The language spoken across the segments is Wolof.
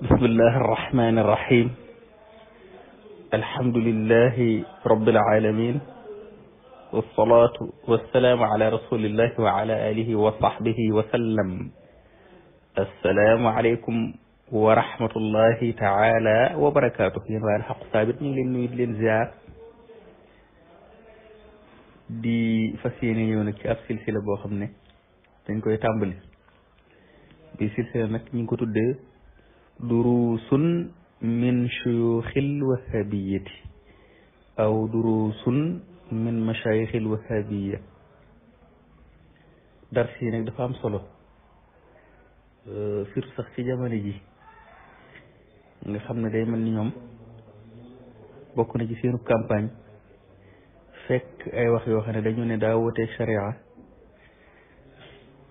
بسم الله الرحمن الرحيم الحمد لله رب العالمين والصلاة والسلام على رسول الله وعلى آله وصحبه وسلم السلام عليكم ورحمة الله تعالى وبركاته yéen waa Alxaqu Saabit ñu ngi leen nuyu di leen ziar di fas yéene ñëw nag ci ab silsila boo xam ne dañ koy tàmbali bi silsila nag ñu ngi ko tuddee duruusun min shuyuuxil wahabiyati aw duruusun min mashaayixil wahabiya dars yi nag dafa am solo surtout sax ci jamono ji nga xam ne day mel ni ñoom bokk na ci seenu campagne fekk ay wax yoo xa ne dañu ne daa wotee sharia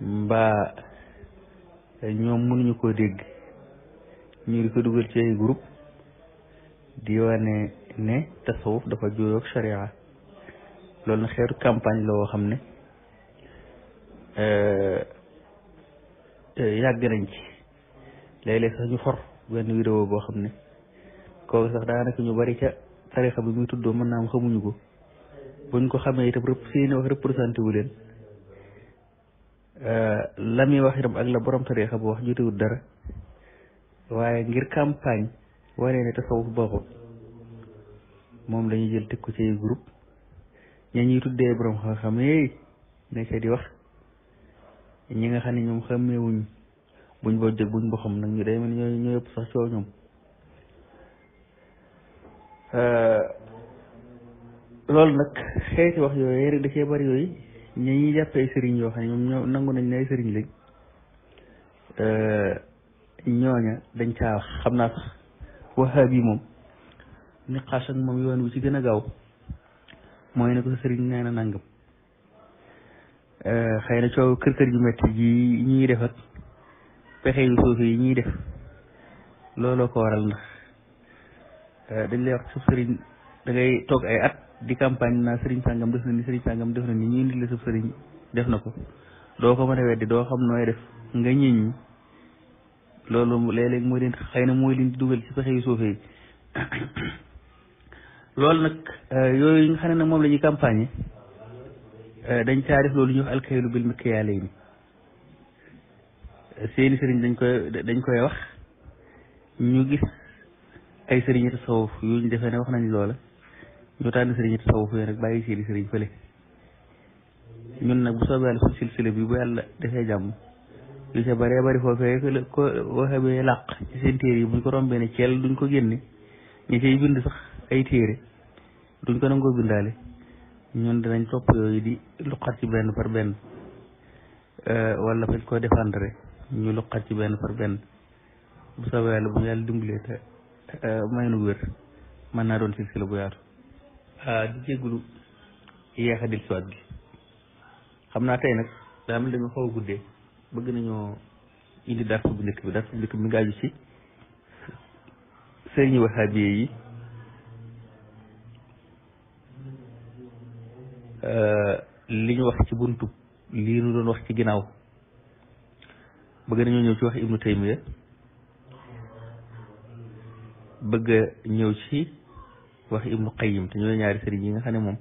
mbaa ñoom mënuñu koo dégg ñu di ko dugal ci ay groupe di wane ne tasawuf dafa juyoog sharia loolu na xeetu campagne la woo xam ne euh, yàgg nañ ci léeg-léeg sax ñu for benn vidéo boo xam ne kooku sax daanaka ñu bari ca tarixa bu muy tuddoo mën naa am xamuñu ko buñ ko xamee itam rëpp seeni wax représenté wu leen euh, la muy wax itam ak la borom tarixa boo wax jotewul dara waaye ngir campagne wane ne tasawuf baaxul moom lañuy jël teg ko ci groupe ña ñuy tuddee borom xam-xam yi nekk di wax ñi nga xam ne ñoom xàmmeewuñ buñ boo jóg buñ boo xam nag ñu day mel ñooy ñoo yëpp sax coow ñoom euh, loolu nag xeeti wax yooyu rek da cee bari yooyu ña ñuy sëriñ yoo xam ne ñoom ñoo nangu nañ ne ay sëriñ lañ euh, ñooña dañ caa xam naa sax waxaab yi moom niqaas ak moom yoon wu ci gën a gaaw mooy ne ko sëriñ nee na nangam eh, xëy na coow kër kër ju métti ji ñuy def ak pexe yu suuf def looloo ko waral ndax eh, dañ lay wax sub sëriñ da toog ay at di campagne naa sëriñ sàngam def na ni sëriñ sàngam def na ni ñuy indi la sub sëriñ def na ko doo ko mën weddi doo xam nooy def nga ñiñ loolu léeg-léeg mooy leen xëy na mooy leen dugal ci pexe yu suufee loolu nag euh, yooyu nga xam ne nag moom la ñuy campagne euh, dañ caa def loolu ñuy wax alkaylu bil mikyaale yi seeni sëriñ dañ koy dañ koy wax ñu gis ay sëriñi tasawuf yu ñu defee ne wax nañ loola ñu tànn sëriñi tasawuf yooyu nag bàyyi seeni sëriñ fële ñun nag bu soobee yàlla suñ silsile bi bu yàlla defee jàmm li ca bëree bëri foofee ko waxee làq ci seen téere buñ ko rombee ne ceel duñ ko génne ñi ciy bind sax ay téere duñ ko nangoo bindaale ñun dinañ topp yooyu di luqat ci benn par benn euh, wala fañ ko défendre benn par benn bu soobee yàlla bu yàlla dimbalee te euh, may nu wér mën naa doon silsila bu yaatu euh, di jéggulu yeexa dil siwaat gi xam naa tey nag daa mel dañu xaw a guddee bëgg nañoo indi dars bu njëkk bi dars bu njëkk bi mi ngi aju ci sëriñu wahabiye yi li ñu wax ci buntu lii ñu doon wax ci ginnaaw bëgg nañoo ñëw ci wax ibnu taymiya bëgg ñëw ci wax ibnu qayyim te ñooy ñaari sëriñ yi nga xam ne moom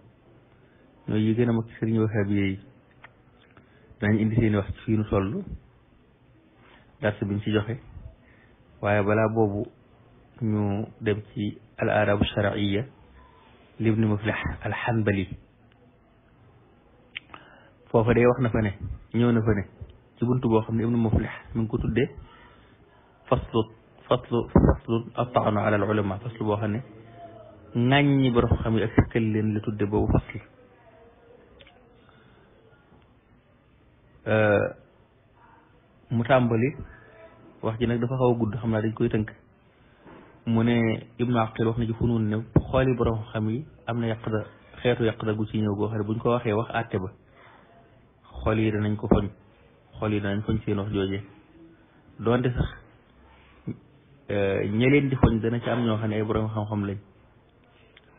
ñooy yi na a mag sëriñu wahabiye yi danañ indi seeni wax ci fii nu toll biñ ci joxe waaye balaa boobu ñu dem ci al aadabu sharciya libni muflix alxanbali foofa day wax na fa ne ñëw na fa ne ci boo xam ne ibnu muflix mi ngi ko tuddee faslu faslu faslu attaanu ala al ulama faslu boo xam ne ŋàññi borom xam yi ak sikkal leen la tudde boobu fasl Euh, mu tàmbali wax ji nag dafa xaw a gudd xam naa dañ koy tënk mu ne Ibnu Aqil wax na ci funuun ne xooli borom xam yi am na yaqda xeetu yaqda gu ci ñëw goo xam ne buñ ko waxee wax àtte ba xool yi danañ ko foñ xool yi danañ foñ seen wax jooje donte sax euh, ña leen di foñ dana ci am ñoo xam ne ay borom xam-xam lañ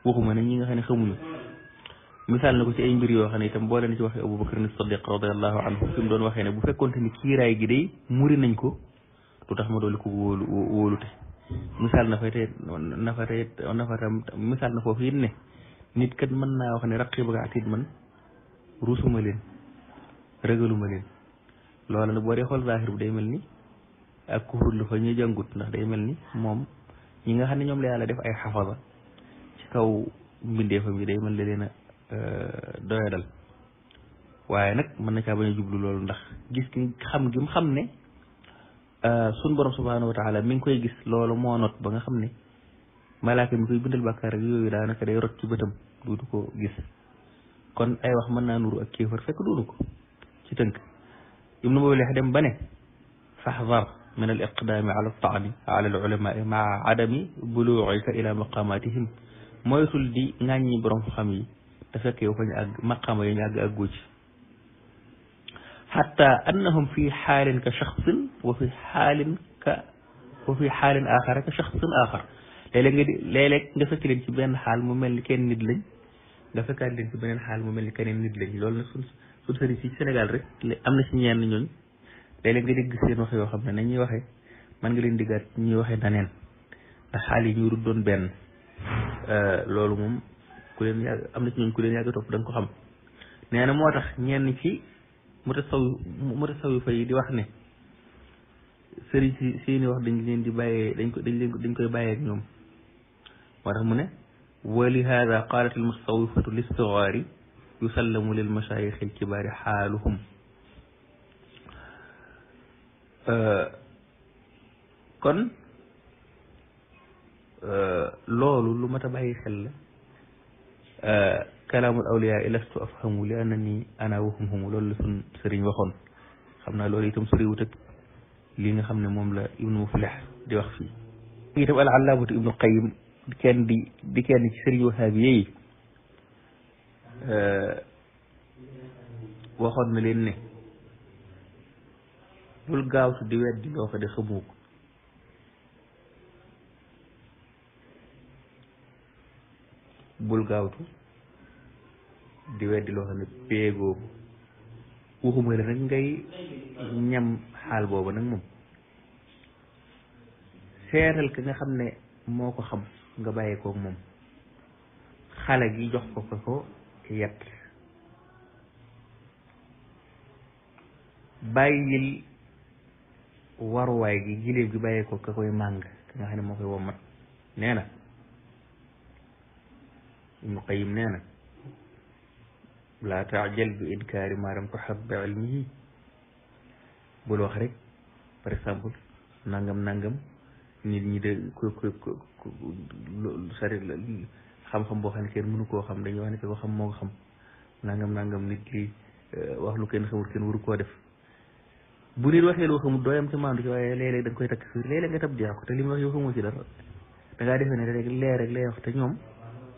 waxuma ne ñi nga xam ne xamuñu misaal na ko ci ay mbir yoo xam ne itam boole na ci waxee abubakar ni sadiq radiallahu anhu fi mu doon waxee ne bu fekkonte ni kiiraay gi day muri nañ ko du tax ma dooli ko wóolu misaal na fa tey na fa tey na ne nit kat mën naa wax ne raqib ak atid man ruusuma leen ragaluma leen loola nag boo dee xool zaahir bu day mel ni ak kufur fa ñu jàngut ndax day mel ni moom ñi nga xam ne ñoom la def ay xafada ci kaw mbindeefam yi day mel ne leen Euh, doyadal waaye nag mën na caa bañ a jublu loolu ndax gis gi xam gi mu xam ne euh, sun borom subhanahu wa taala mi koy gis loolu moo not ba nga xam ne malaaka mi koy bindal bàkkaar ak yooyu daanaka day rot ci bëtam duutu ko gis kon ay wax mën naa nuru ak kéefar fekk duunu ko ci tënk ibnu mawleex dem ba ne faxdar min al iqdaami ala taani ala al ulamai maa adami buluuxika ila maqamatihim moytul di ŋàññi borom xam yi te fekk yow fa ñu àgg maqaama yo ñu àgg àggoo ci xatta annahum fi xaalin ka shaxsin wa fi xaalin ka wa fi shaxsin axar léeg-léeg nga nga fekk leen ci benn xaal mu mel ni kenn nit lañ nga fekkaat leen ci beneen xaal mu mel ni keneen nit lañ lool nag suñ suñ si Sénégal rek am na ci ñenn ñooñ léeg-léeg nga dégg seen wax yoo xam ne nañuy waxee man nga leen diggaat ñuy waxee naneen ndax xaal yi ñu doon benn euh, loolu moom ku leen yàgg am na ci ñooñ ku leen yàgg topp da ko xam nee na moo tax ñenn ci mutasaw mutasawifa yi di wax ne sëriñ si seeni wax dañ leen di bàyyee dañ ko dañ leen dañ koy bàyyee ak ñoom moo tax mu ne wa lihaada qaalat al mutasawifatu lissigaari yusallamu lil mashaayixi al kibaari xaaluhum kon loolu lu mat a bàyyi xel la kalaamul awliyaa ilastu afhamu li annani ana wahum humu loolu sun sëriñ waxoon xam naa loolu itam soriwut ak li nga xam ne moom la ibnu muflix di wax fii itam alallaamatu ibnu qayim di kenn di di kenn ci sëriñ wahaabi yi e, waxoon na leen ne gaaw gaawtu di weddi loo ko de xamoo ko bul gaawtu di weddi loo xam ne péegoo waxuma la nag ngay ñam xaal booba nag moom seetal ki nga xam ne moo ko xam nga bàyyi koog moom xale gi jox ko ko ko yet bàyyil waruwaay gi giléeb gi bàyyi ko ka koy màng ka nga xam ne moo koy womat nee na ibnu qayim nee na laa taajal bi idkaari maaram tuhab bi ilmihi bul wax rek par exemple nangam nangam nit ñi de ko ko ko sari xam-xam boo xam ne mënu koo xam dañuy wax ne xam moo xam nangam nangam nit li eh, wax lu kenn xamul kenn koo def bu nit waxee loo xamul dooyam ci maandu ci waaye léeg-léeg koy takk si léeg nga tab jeex ko te li mu wax yow xamoo ci dara da ngaa defee ne rek lee rek lay wax te ñoom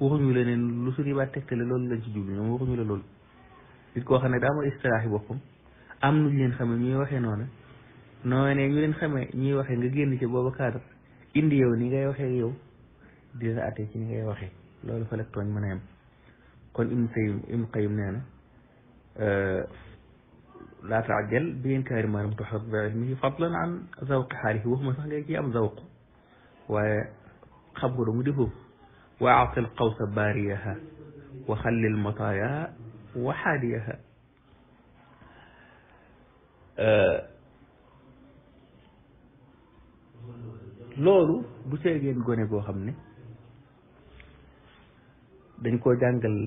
waxuñu la ne lu su riba tegtale loolu lañ ci jublu ñoom waxuñu la loolu nit koo xam ne daa am istilaax yi boppam am ñuy waxee noonu noo ne ñu leen ñuy waxee nga génn ci booba indi yow ni ngay waxee yow di la àttee ci ni ngay waxee loolu fa la tooñ mën a yem kon Ibnu Qayyim Ibnu Qayyim nee na euh, laa taajal bi inkaari maa lam tuxit bi ilmihi fadlan an zawqi xaalihi waxuma sax nga ci am zawq waaye xam ko da mu وأعطي القوس باريها وخلل مطايا وحاديها loolu bu seegeen gone goo xam ne dañ koo jàngal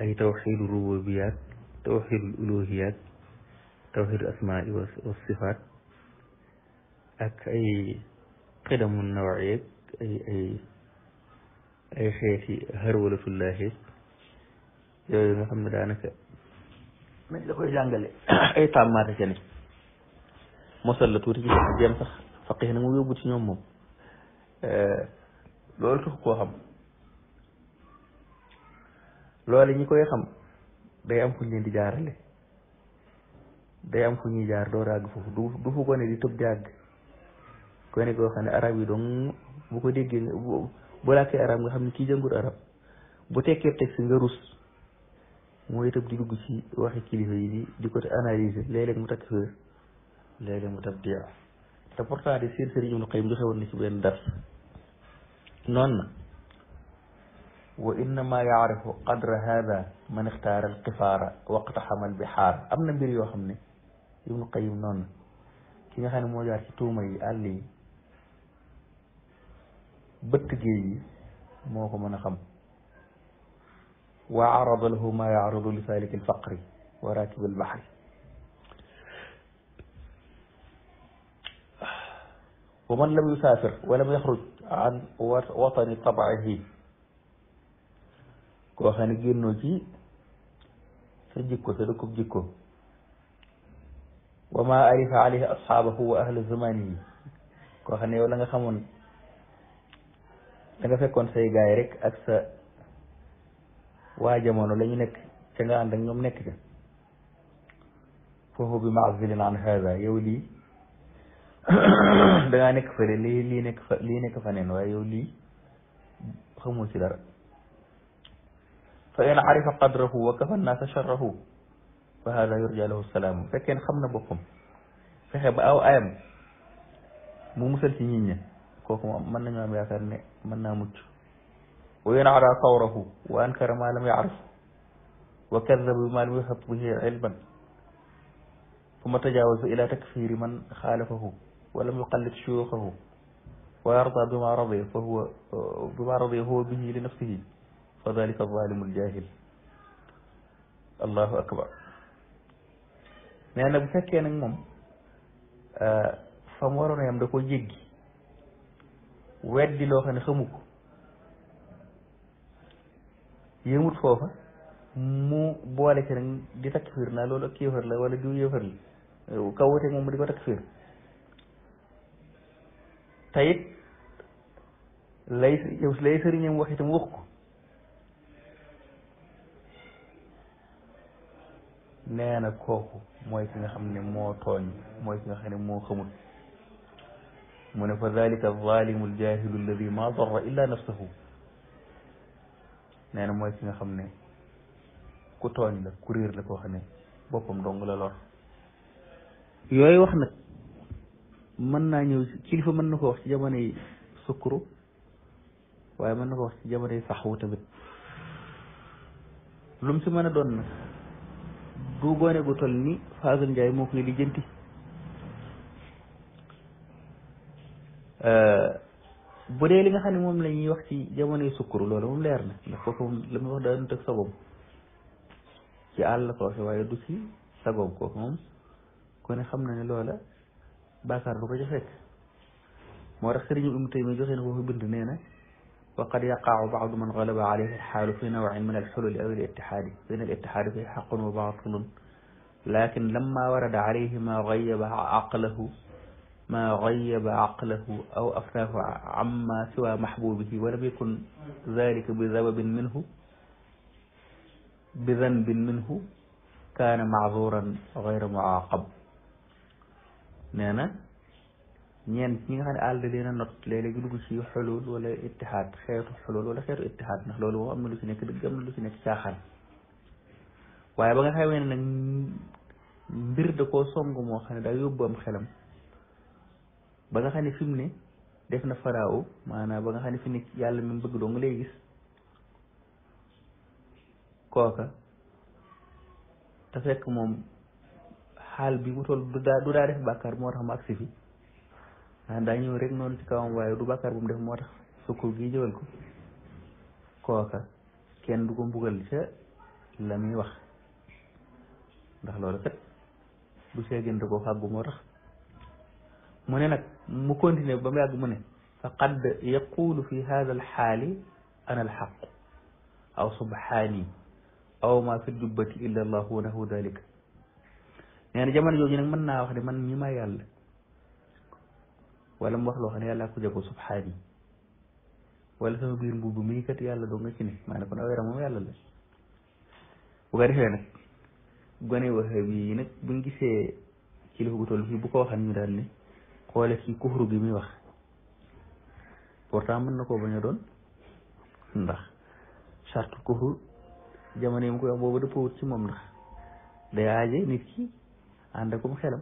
ay tawxidu rububiyaat tawxidul uluhiyaat tawxidul asmaai wa sifaat ak ay xidamu nawayeeg ay ay ay xeeti xarwalatullaahi yooyu nga xam ne daanaka nañ la koy jàngale ay tàmmaate ca ne mosal la tuuti ci jéem sax faqih na mu yóbbu ci ñoom moom eh, loolu tax koo ñi koy xam day am fu ñu di jaarale am fu ñuy jaar doo ràgg foofu du du fu ko ne di tëb di àgg ko ne koo xam ne arab yi dong bu ko déggee boo làkkee arab nga xam ne kii jàngul arab bu tekkee si nga rus mooy itam di dugg ci waxi kilifa yi di di ko analyser léeg-léeg mu takk fër léeg-léeg mu tab diya te pourtant de seen sëriñ Ibnu Qayyim joxe woon na ci benn dars noonu na wa ma yaarifu qadra hada man ixtaara alqifaara waqta xamal am na mbir yoo xam ne Ibnu Qayyim noonu ki nga xam ne moo jaar ci tuuma yi àll bëtt géej yi moo ko mën a xam wa arada lahu ma yaaradu li saliki alfaqri wa rakibi albaxri wa man lam yusaafir wa lam yaxruj an watani tabacihi koo xam ne génnoo ci sa jikko sa dëkkub jikko wa ma arifa alayhi asxaabahu wa ahla zamanihi koo xam ne yow la nga xamoon da nga fekkoon say rek ak sa waa jamono lañu nekk ca nga ànd ak ñoom nekk ca foofu bi maazilin an hada yow lii da ngaa nekk lii nekk fa lii nekk fa neen waaye yow lii xamul ci dara fa in arifa qadrahu wa kafa nnaasa charrahu fa hada yurja lahu salaamu fekkeen xam na boppam fexe ba aw ayam mu musal ci nit ñi kooku moom mën nañu am yaakaar ne mën naa mucc wa yanara sawrahu wa ankara ma lam yaarif wa kadaba bi ma lam yuhit bihi ilman summa tajawasa ila takfiri man xaalafahu wa lam yuqallid shuyuxahu wa yarda bima radiya fa huwa bima radiya huwa bihi li nafsihi fa dalika zalimu ljahil allahu akbar nee na bu fekkee nag moom ah, fa mu waroon a yem da koo jéggi weddi loo xam ne xamu ko yëmut foofa mu boole ci nag di takfir naa loolu ak kéefar la wala diw yéefar la kaw wuteeg moom di ko takfir te it lay lay sëriñam wax itam wax ko na kooku mooy ki nga xam ne moo tooñ mooy ki nga xam ne moo xamul mu ne fa dalika zalimu aljahilu alladi ma mooy ki nga xam ne ku tooñ la ku réer la koo xam ne boppam dong la lor yooyu wax nag mën naa ñëw kilifa mën na ko wax ci jamono sukkuru waaye mën na ko wax ci jamono yi saxwu tamit lu mu si mën a doon nag du gone gu toll ni Fadel Ndiaye moo koy lijjanti Euh, bu dee li nga xam ne moom la ñuy wax ci jamonoy sukkuru loolu moom leer na ndax foofu moom la muy wax daa doon teg sagoom ci àll la ko waxee waaye du ci sagoom kooku moom ku ne xam na ne loola baakaar ba ko ca fekk moo tax sëriñ Ibnu Taymiya joxe na foofu bind nee na wa qad yaqaau baadu man galaba alayhi alxaalu fi nawcin min alxululi aw alitixaadi fa in alitixaadi fi xaqun wa baatilun lakin lamma warada alayhi ma gayaba aqlahu ما غيب عقله أو أفناه عما سوى محبوبه ولم يكن ذلك بسبب منه بذنب منه كان معذورا غير معاقب nee na ñeent ñi nga xam ne àll leen a not léeg-léeg ñu dugg ci xulul wala ittihaad xeetu xulul wala xeetu ittihaad ndax loolu moom am na lu ci nekk dëgg am na lu ci nekk caaxaan waaye ba nga xamee ne nag mbir da koo song moo xam ne daa yóbbu am xelam ba nga xam ne fi mu ne def na farao maanaam ba nga xam ne ne yàlla mi bëgg doo nga lay gis kooka te fekk moom xaal bi mu toll du daa daa def bàkkaar moo tax mu agsi fi ah daa ñëw rek noonu ci kawam waaye du bàkkaar bu mu def moo tax sukkur gi jëwal ko kooka kenn du ko mbugal ca la muy wax ndax loolu kat du seegin da ko fàggu moo tax mu ne nag mu continuer ba mu yàgg mu ne faqad yaqulu fi hada alxaali ana alxaqu aw subhaani aw ma fi jubbati illa allahu wa nahu dalika nee na jamono jooju nag mën naa wax ne man ñi ma yàlla wala mu wax loo xam ne yàllaa ko jagoo subhaani wala sama biir mbubb mii kat yàlla doo nga ci ne maa ne kon aw yaram moom yàlla la bu ko defee gone waxe bii nag buñ gisee kilifa gu toll fii bu ko waxan ñu daal ne xoole ci kufru bi muy wax pourtant mën na koo bañ doon ndax charte kufru jamono yi mu koy wax boobu dëppawut moom ndax day aaje nit ki ànd akum xelam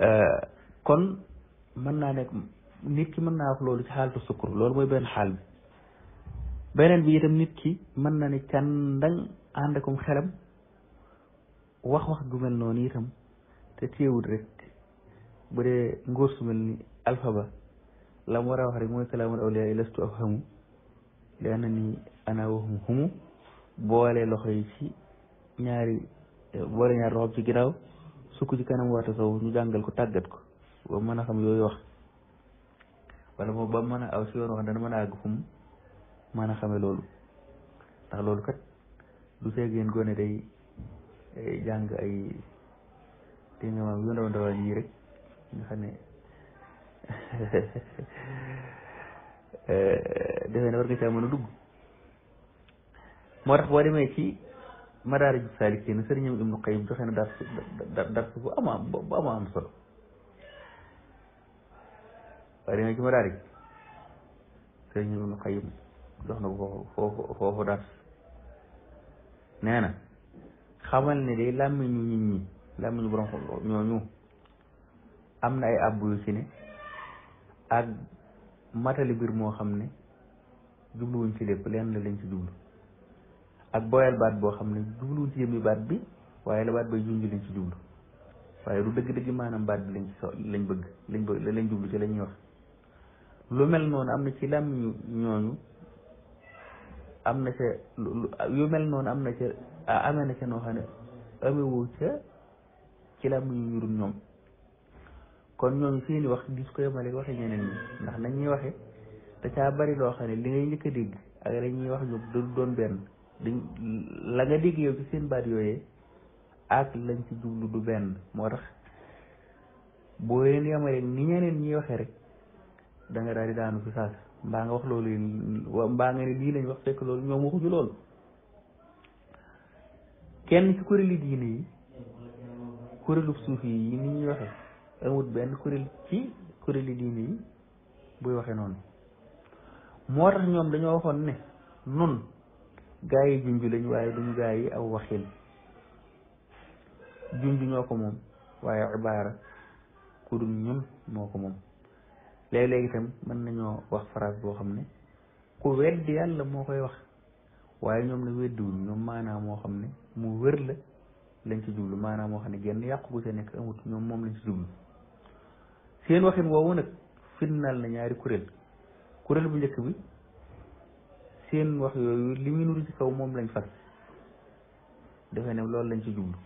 euh, kon mën naa nekk nit ki mën naa wax loolu ci xaaltu sukkur lool mooy benn xaal bi beneen bi itam nit ki mën na ne kàndang ànd akum xelam wax wax gu mel noonu itam te téewul rek bu dee ngóor su mel ni alfaba la mu war a wax rek mooy kalaamul awliyaa yi lastu af xamu li ana ni ana waxum xumu boole loxo yi ci ñaari boole ñaari loxo ci ginnaaw sukk ci kanam waa tasawuf ñu jàngal ko tàggat ko ba mën a xam yooyu wax wala moom ba mën a aw si yoon wax dana mën a àgg fu mu mën a xame loolu ndax loolu kat du seegeen gone day jàng ay téeméer yu ndaw ndaw yi rek nga xam ne defe na nga caa mën a dugg moo tax boo demee ci madaarij saalikiin sëriñam Ibnu Qayyim joxe na dars dars bu ama bu ama am solo boo demee ci madaarij jox na ko foofu foofu dars nee xamal ne day làmmiñu nit ñi laa mu ñu borom ñooñu am na ay àbb yu ci ne ak matali biir moo xam ne jubluwuñ ci lépp lenn la lañ ci jublu ak booyal baat boo xam ne jubluwuñ ci jëmmi baat bi waaye la baat bay junj ci jublu waaye du dëgg maanaam baat bi lañ lañ bëgg lañ lañ jublu ci lañuy wax mel noonu am na ci làmmiñu ñooñu am na ca yu mel noonu am na ca amee na ca noo xam ne ca ci la muy wirum ñoom kon ñooñu seeni wax gis su ko yemale waxe ñeneen ñi ndax nañuy waxe da caa bari loo xam ne li ngay njëkk dégg ak ñuy wax doon benn dañ la nga seen baat yooyee ak lañ ci jublu du benn moo tax boo leen yemale ni ñeneen ñiy waxee rek da nga daanu fi saas mbaa nga wax loolu mbaa nga ne lii lañ wax fekk loolu ñoom waxuñu loolu kenn ci kuréeli diine yi kuréelu suufi yi ni ñuy waxe amut benn kuréel ci kuréeli diine yi buy waxee noonu moo tax ñoom dañoo waxoon ne nun gaa yi junj lañ waaye duñu aw waxil junj ñoo ko moom waaye ibaara ku dul ñun moo ko moom léeg-léeg itam mën nañoo wax phrase boo xam ne ku weddi yàlla moo koy wax waaye ñoom la weddiwuñ ñoom maanaam moo xam ne mu wër la lañ ci jublu maanaam moo xam ne genn yàqu gu ca nekk amut ñoom moom lañ ci jublu seen waxin woowu nag fitnaal na ñaari kuréel kuréel bu njëkk bi seen wax yooyu li muy nuru ci kaw moom lañ fas defe ne loolu lañ ci jublu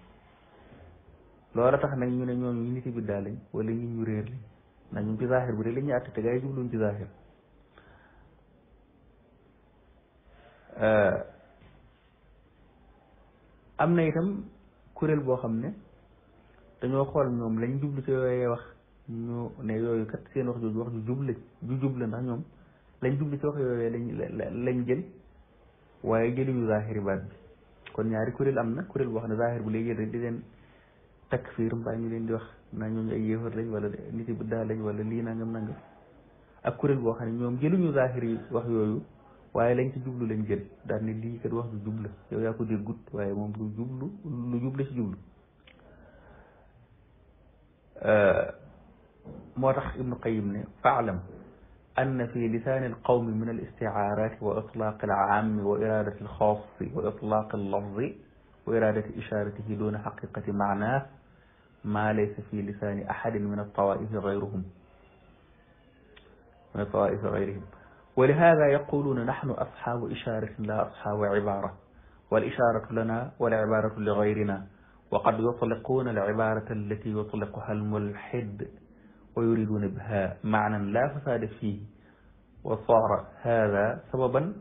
loola tax nag ñu ne ñooñu ñu niti biddaa lañ wala ñu ñu réer lañ ndax ñun ci zaaxir bi rek la ñuy àtte te gaa yi ci zaaxir euh, am na itam kuréel boo xam ne dañoo xool ñoom lañ jublu ci yooyee wax ñu ne yooyu kat seen wax jooju wax ju jubla ju jubla ndax ñoom lañ jublu ci wax yooyee lañ lañ jël waaye jëluñu zaahiri baat bi kon ñaari kuréel am na kuréel boo xam ne zaahir bu lay jël rek di leen takfiir mbaa ñu leen di wax naa ñooñu ay yéefar lañ wala nit bu daa lañ wala lii nangam nangam ak kuréel boo xam ne ñoom jëluñu zaahiri wax yooyu waaye lañ ci jublu lañ jël daal ne lii kat wax du jubla yow yaa ko déggut waaye moom lu jublu lu jubla ci jublu moo tax ibnu qayim ne faalam ann fi lisaani alqawmi min alistiaarati wa itlaaq alaami wa iradati alxaasi wa itlaaq allafzi wa iradati isharatihi duna xaqiqati maanaa maa laysa fi lisaani ahadin min altawaifi gayruhum min altawaifi gayrihim ولهذا يقولون نحن أصحاب إشارة لا أصحاب عبارة والإشارة لنا والعبارة لغيرنا وقد يطلقون العبارة التي يطلقها الملحد ويريدون بها معنى لا فساد فيه وصار هذا سببا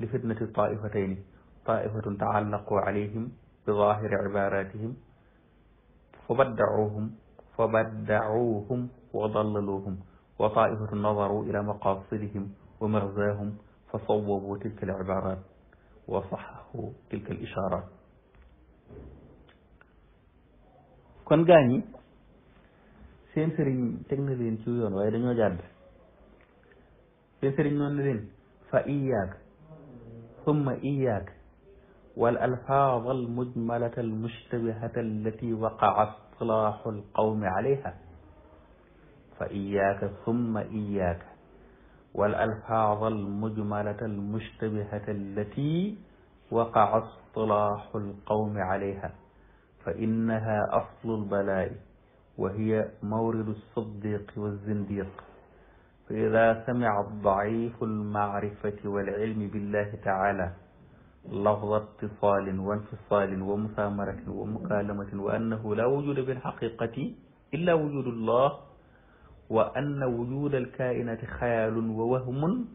لفتنة الطائفتين طائفة تعلقوا عليهم بظاهر عباراتهم فبدعوهم فبدعوهم وضللوهم وطائفة نظروا إلى مقاصدهم ومغزاهم فصوبوا تلك العبارات وصححوا تلك الإشارات kon gaa ñi seen sëriñ teg na leen ci yoon waaye dañoo jàdd seen sëriñ noonu na leen fa iyaak summa iyaak wal alfaaz al mujmalata al mushtabihata allati waqaa silaahu al qawmi alayha fa iyaaka summa iyaaka wal alfaaz al mujmalata al mushtabihata allati waqaca istilaahu al qawmi alayha fa innaha aslu al balaa'i wa hiya mawridu as-siddiiqi waz-zindiiq fa idaa samica ad-daciifu al-macrifati wal-cilmi billahi tacaala lafza ittisaalin wa infisaalin wa musaamaratin wa mukaalamatin wa annahu laa wujuuda bil-haqiiqati illaa wujuudu llah wa anna wujud alkainati xayaalun wa wahmun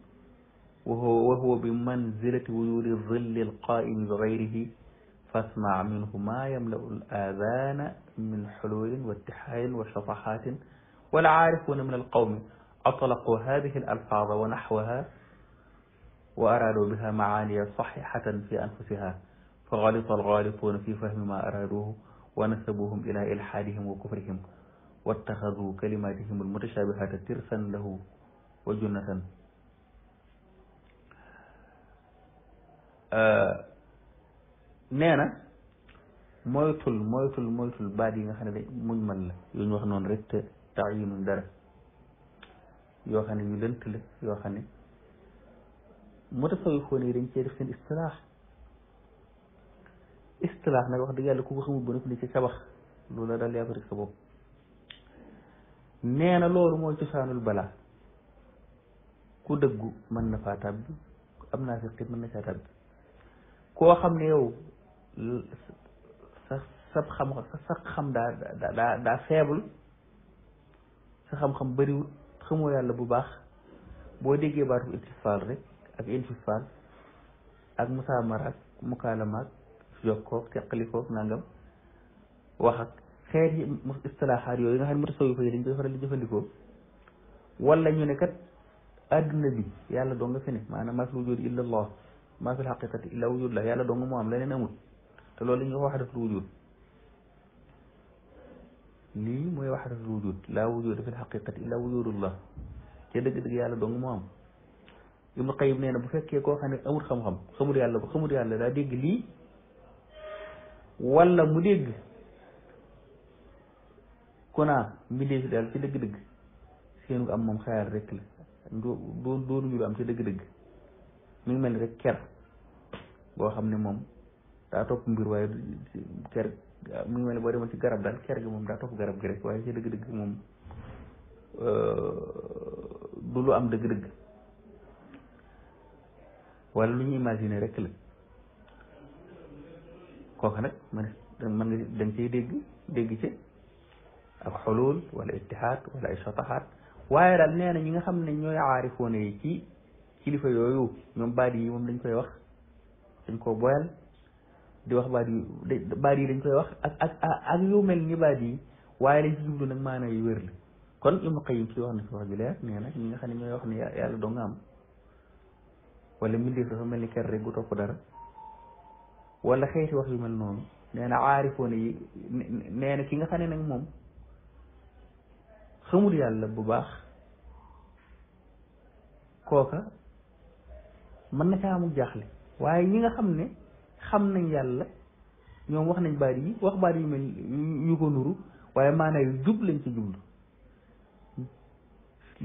wa huwa bi manzilati wujudi zilli alqaimi bi gayrihi fasma minhu ma yamlau alaadana min xululin wa ittixaalin wa shafaxaatin والعارفون من القوم أطلقوا هذه الألفاظ ونحوها وأرادوا بها معاني صحيحة في أنفسها فغلط الغالطون في فهم ما أرادوه ونسبوهم إلى إلحادهم وكفرهم wattaxadu kalimatihim almutashabihata tirsan lahu wa junnatan nee na moytul moytul moytul baat yi nga xam ne muñ man la yu wax noonu rek te taayinun dara yoo xam ne yu lënt la yoo xam ne mutasawwifoon yi dañ cee def seen istilaax nag wax dëgg yàlla ku ko xamul ba noppi ci sabax loolu la daal yaa ko rek bopp nee na loolu mooy cosaanul balaa ku dëggu mën na faa tàbbi am naa koo xam ne yow sa sa xam sa xam daa daa daa faible sa xam-xam bëriwul xamoo yàlla bu baax boo déggee baatu ittifaal rek ak intifaal ak musaamara ak mukaalama ak jokkoo teqalikoog nangam wax xeet yi istilaaxaat yooyu nga xam ne mutasawwifa yi dañ koy faral di jëfandikoo wala ñu ne kat adduna bi yàlla dong nga fi ne maanaam maa fi wujud illa allah maa fi xaqiqati illa wujud la yàlla dong moo am leneen te loolu li wax wahdatul wujud mooy wahdatul wujud laa wujuda fi xaqiqati illa wujudullah dëgg-dëgg yàlla dong mu am yu Qayyim nee na bu fekkee koo xam ne amul xam-xam xamul yàlla ba xamul daa dégg lii wala mu dégg konaa ah mbindeef yi daal ci dëgg-dëgg seenu am moom xayaal rek la doo doo lu am ci dëgg-dëgg mi ngi mel ni rek ker boo xam ne moom daa topp mbir waaye ker mi ngi mel ni boo demoon ci garab daal ker gi moom daa topp garab gi rek waaye ci dëgg-dëgg moom euh, du lu am dëgg-dëgg wala lu ñu imaginer rek la kooka nag man nga dem ciy dégg dégg ci ak xulul wala ittihaad wala ay sotaxaat waaye daal nee ñi nga xam ne ñooy aarifoon yi ci kilifa yooyu ñoom baat yi moom dañ koy wax dañ koo boyal wax baat yi baat yi dañ koy wax ak ak ak yu mel ni baat yi waaye lañ ci jublu nag wér la kon Ibnu Qayyim ci wax na fi nag ñi nga xam ne ñooy wax ne yàlla doo nga am wala mbindeef dafa mel ni ker rek gu topp dara wala xeeti wax yu mel noonu nee na aarifoon yi nee ki nga xam ne nag moom xamul yàlla bu baax kooka mën na caa amul jaaxle waaye ñi nga xam ne xam nañ yàlla ñoom wax nañ baat yi wax baat yu mel yu ko nuru waaye maanaa yu jub lañ ci jublu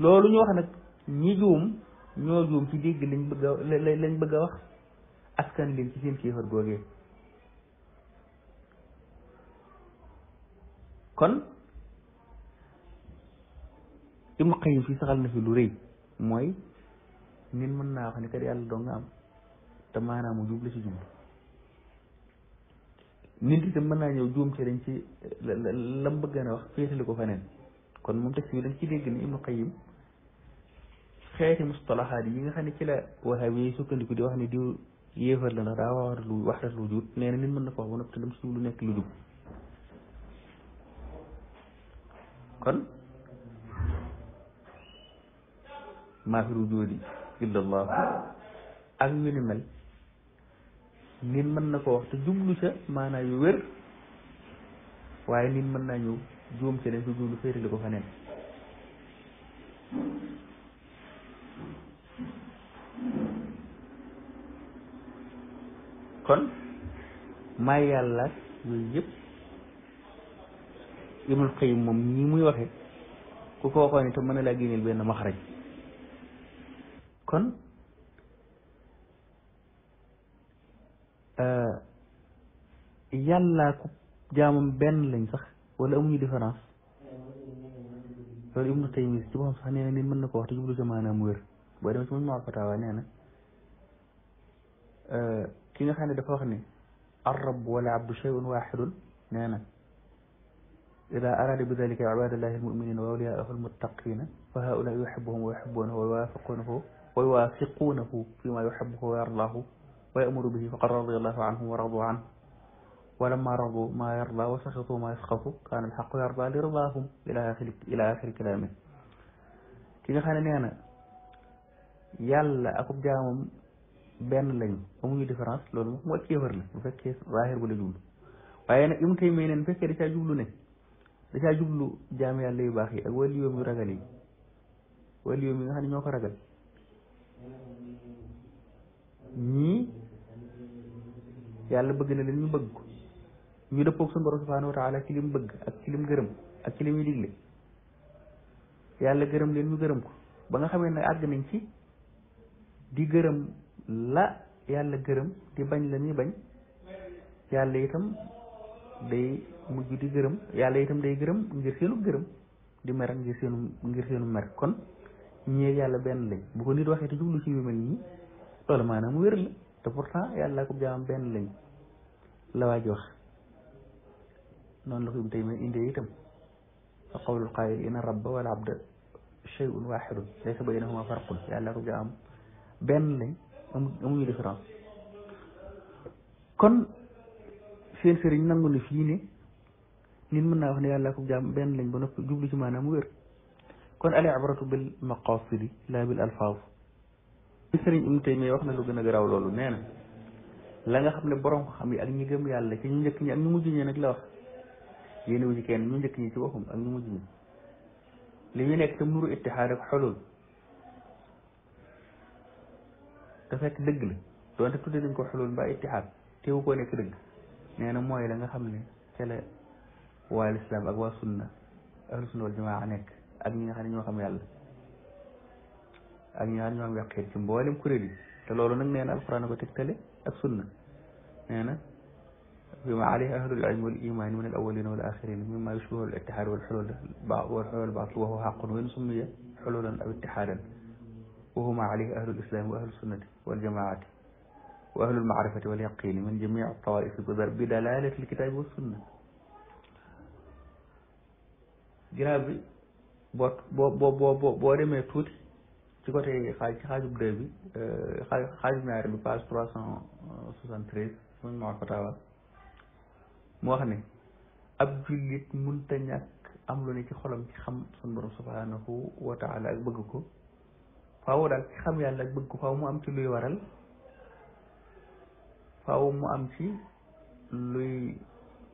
loolu ñu wax nag ñi juum ñoo juum ci dégg lañ bëgg a lañ bëgg a wax askan leen ci seen kéefar googee kon Ibnu Qayyim fi saxal na fi lu rëy mooy nit mën naa wax ne kat yàlla doo nga am te maanaam mu jub la ci jublu nit mën naa ñëw juum ci dañ ci lam bëgg na wax féetali ko feneen kon moom texte bi dañ ci dégg ni Ibnu yi nga xam ne ci la wahabi yi sukkandiku di wax ne diw yéefar la ndax daa war lu wax lu juut nee nit mën na ko wax ba te dem ci lu nekk lu jub kon maa fi rujuudi illallah ak ñu ni mel nit mën na ko wax te jublu ca maanaa yu wér waaye nit mën naa ñëw juum ca dañ ko jublu féetali ko fa neen kon may yàlla yooyu yëpp Ibnul Qayyim moom ñi muy waxe ku ko waxoon itam mën na laa génneel benn maxaraj kon euh, yàllaa ku jaamam benn lañ sax wala amuñu différence loolu Ibnu Taymiya ci boppam sax nee na nit mën na ko wax te jublu ca maanaam wér boo demee ci Majmuu Fataawaa nee na euh, ki nga xam ne dafa wax ne arrab wala abdu shay'un waaxidun nee na ida araada bi dalika ibadallahi almuminina wa awliyaahu almuttaqina fa haulaa yuxibuhum wa yuxibuunahu wa yuwaafiquunahu wa yuwaafiquunahu fi ma yuxibuhu wa yardaahu wa yamuru bihi faqad radiyallahu anhum wa radu anhu wa lamma radu ma yarda wa saxitu ma yasxatu kaana alxaqu yarda li ridaahum ila axiri ila axiri kalaami ki nga xam ne nee na yàlla akub jaamam benn lañu amuñu différence loolu moom mu ak kéefar la bu fekkee zaahir ba la jublu waaye nag Ibnu Taymiyya neen bu fekkee da caa jublu ne da caa jublu jaam yàlla yu baax yi ak waliyoom yu ragal yi waliyoom yi nga xam ne ñoo ko ragal ñii yàlla bëgg na leen ñu bëgg ko ñu dëppoog suñu borom subhanahu wa taala ci lim bëgg ak lim gërëm ak ci li digle yàlla gërëm leen ñu gërëm ko ba nga xamee ne àgg nañ ci di gërëm la yàlla gërëm di bañ la ñuy bañ yàlla itam day mujj di gërëm yàlla yitam day gërëm ngir seenu gërëm di mer ngir seenu ngir mer kon ñeeg yàlla benn lañ bu ko nit waxee te jublu ci yu mel nii loolu maanaam wér la te pourtant yàlla ko jaamam benn lañ la waaj wax noonu la ko Ibnu Taymiya indee itam fa qawlul qaayil inna rabba wal abda shay'un waahidun laysa baynahuma farqun yàlla ko jaamam benn lañ amuñu différence kon seen sëriñ nangu na fii ne nit mën naa wax ne yàlla ko jaam benn lañ ba noppi jublu ci maanaam wér kon al ibratu bil maqasidi laa bil alfaaz bi sëriñ Ibnu Taymiya wax na lu gën a garaaw loolu nee na la nga xam ne borom xam yi ak ñi gëm yàlla ci ñu njëkk ñi mujj ñi nag la wax yéen wu ci kenn ñu njëkk ñi ci boppam ak ñu mujj li ñu nekk tam nuru ittihaad ak xolul te fekk dëgg la doonte tudde nañ ko xolul mbaa ittihaad teewu koo nekk dëgg nee na mooy la xam ne ca la waa lislaam ak waa sunna ahlu sunna wal jamaa nekk ak ñi nga xam ne ñoo xam yàlla ak ñi nga xam ne ñoo am yaqiin ci mboolem kuréel yi te loolu nag nee na alquran ko tegtale ak sunna nee na bima alayhi ahlul ilmi wal imani min al awalina wal axirin mimma yushbihu al ittihaad wal xulul wal xulul baat wa huwa xaqun wa in summiya xululan aw ittihaadan wa huma alayhi ahlul islami wa ahlus sunnati wal jamaati wa ahlul maarifati wal yaqini min jamii tawaif bi dalalati al kitabi wa sunna ginnaaw bi boo boo boo boo boo demee tuuti ci côté xaaj ci xaajub bi euh, xaaj naa ñaari bi page trois cent soixante treize suñu ma ko taawal mu wax ne ab jullit mënta ñàkk am lu ne ci xolam ci xam suñu borom subhanahu wa taala ak bëgg ko faaw daal ci xam yàlla ak bëgg ko faaw mu am ci luy waral faaw mu am ci luy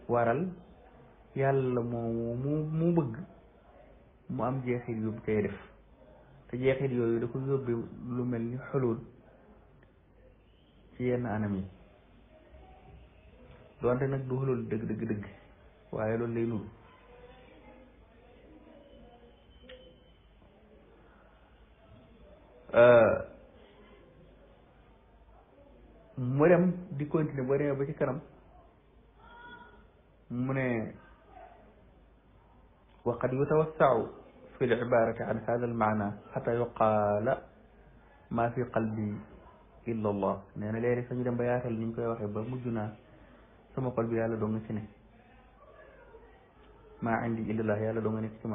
waral yàlla moomu mu mu bëgg mu am jeexit yu mu te jeexit yooyu da lu mel ni xulul ci yenn anam yi doonte nag du xulul dëgg dëgg dëgg waaye loolu lay nuru euh, mu dem di continuer boo demee ba ci kanam mu ne waqad yutawassau fi libarati an hada almaana xata yuqaala maa fi qalbi illa allah nee na léegi sañu dem ba yaatal ni ñu koy waxee ba mujj naa sama xol bi yàlla doo nga ci yàlla doo nga nekk ci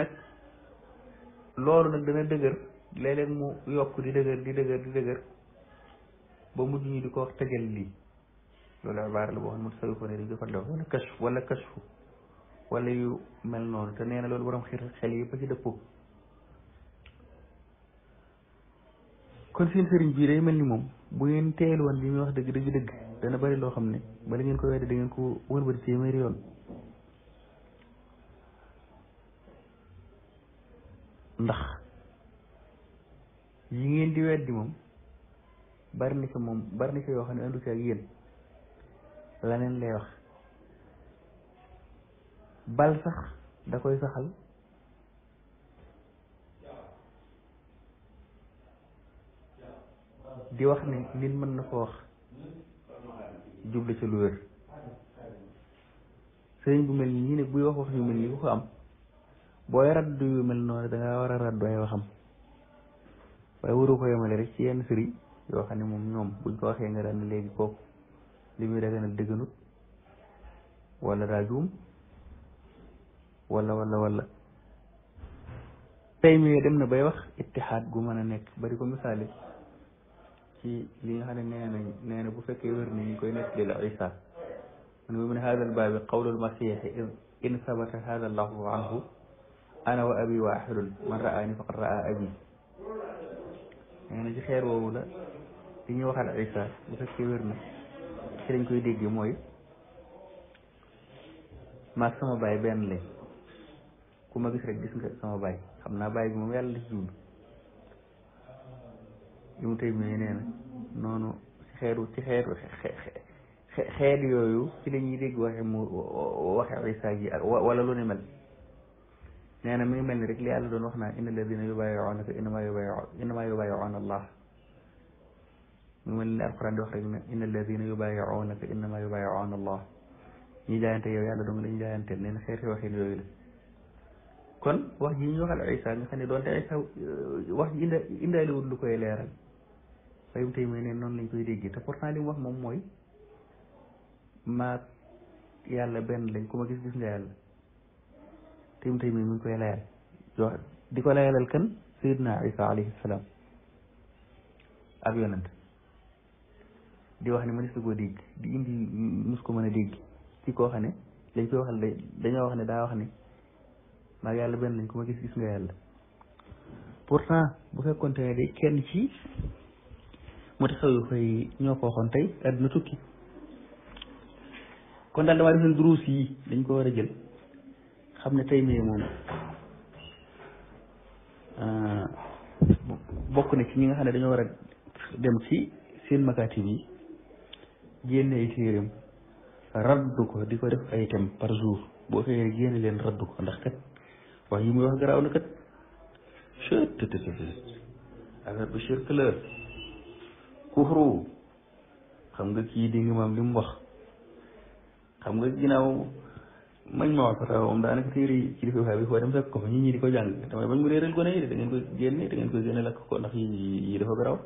nag loolu nag dana dëgër léeg mu yokk di dëgër di dëgër ba mujj ñu di ko wax tëjal lii loolu ibaara la boo xam ne mutasawwifa ne dañ ko faral wala kashf wala kashfu wala yu mel noonu te nee na loolu borom xel xel yëpp a ci dëppoo bii day mel ni moom bu ngeen teel woon li muy wax dëgg dëgg dëgg dana bari loo xam ne bala ngeen ko wedde da ngeen ko wëlbati téeméeri yoon ndax yi ngeen di weddi moom bari na moom bari na ci yoo xam ne andu ci ak yéen leneen lay wax bal sax da koy saxal di wax ne nit mën na ko wax jublu ca lu wér sëriñ bu mel nii ne buy wax wax yu mel nii ku ko am booy raddu yu mel noonu dangaa war a raddu ay waxam waaye waru ko yemale rek ci yenn sëriñ yoo xam ne moom ñoom buñ ko waxee nga daan léegi kooku li muy daganal dëgganut wala daa juum wala wala wala tey mi dem na bay wax ittihaad gu mën a nekk bari ko misaali ci li nga xam ne nee nañ nee na bu fekkee wér ni ñu koy nekk lil isa man wa min hada al baabi qawlu al masiixi in sabata hada allahu anhu ana wa abi waaxidun man raani faqad raa abi nee na ci xeer woowu la li ñuy waxal isa bu fekkee wér na ci lañ koy dégg mooy maag sama baay benn lañ ku ma gis rek gis nga sama baay xam naa baay bi moom yàlla la ci jublu li mu tey nee na noonu ci xeetu ci xeetu xeet yooyu ci la ñuy dégg waxe mu waxe isa yi wala lu ne mel nee na mi ngi mel ni rek li yàlla doon wax naan inna alladina yubayi'unaka innama yubayi'una allah mu mel ni alquran di wax rek ne inna allah ñi jaayante yow yàlla dong lañu jaayante nee na xeeti waxin yooyu kon wax ji ñu waxal isa nga xam ne doonte isa euh, wax ji indaaliwul lu koy leeral waaye mu tey mooy ne noonu lañ koy déggee te pourtant li wax moom mooy yàlla benn lañ ku gis-gis nga yàlla koy layal di ko layalal kan sayidna isa alayhi salaam ab yonent di wax ne man na koo dégg di indi mus ko mën a dégg ci koo xam ne lañ koy waxal dañoo wax ne daa wax ne maa yàlla benn lañ ko ma gis gis nga yàlla pourtant bu fekkonte ne day kenn ci mu taxaw yu waxoon tey àdduna tukki kon daal damaa defoon duruus yi dañ ko war a jël xam ne tey mee moom euh, bokk na ci ñi nga xam ne dañoo war a dem ci seen makaati yi génne ay téeréem raddu di ko def ay par jour boo xëyee rek génne leen raddu ko ndax kat wax yi muy wax garaaw na kat chut te te affaire bu shirk la kufru xam nga kii di nga maam li mu wax xam nga ginnaaw mañ ma wax fatawa moom daanaka téere yi ci difa bi foo dem fekk ko fa ñi ñi di ko jàng damay bañ mu réeral yi de da ngeen ko génne da ko ndax yi yi dafa garaaw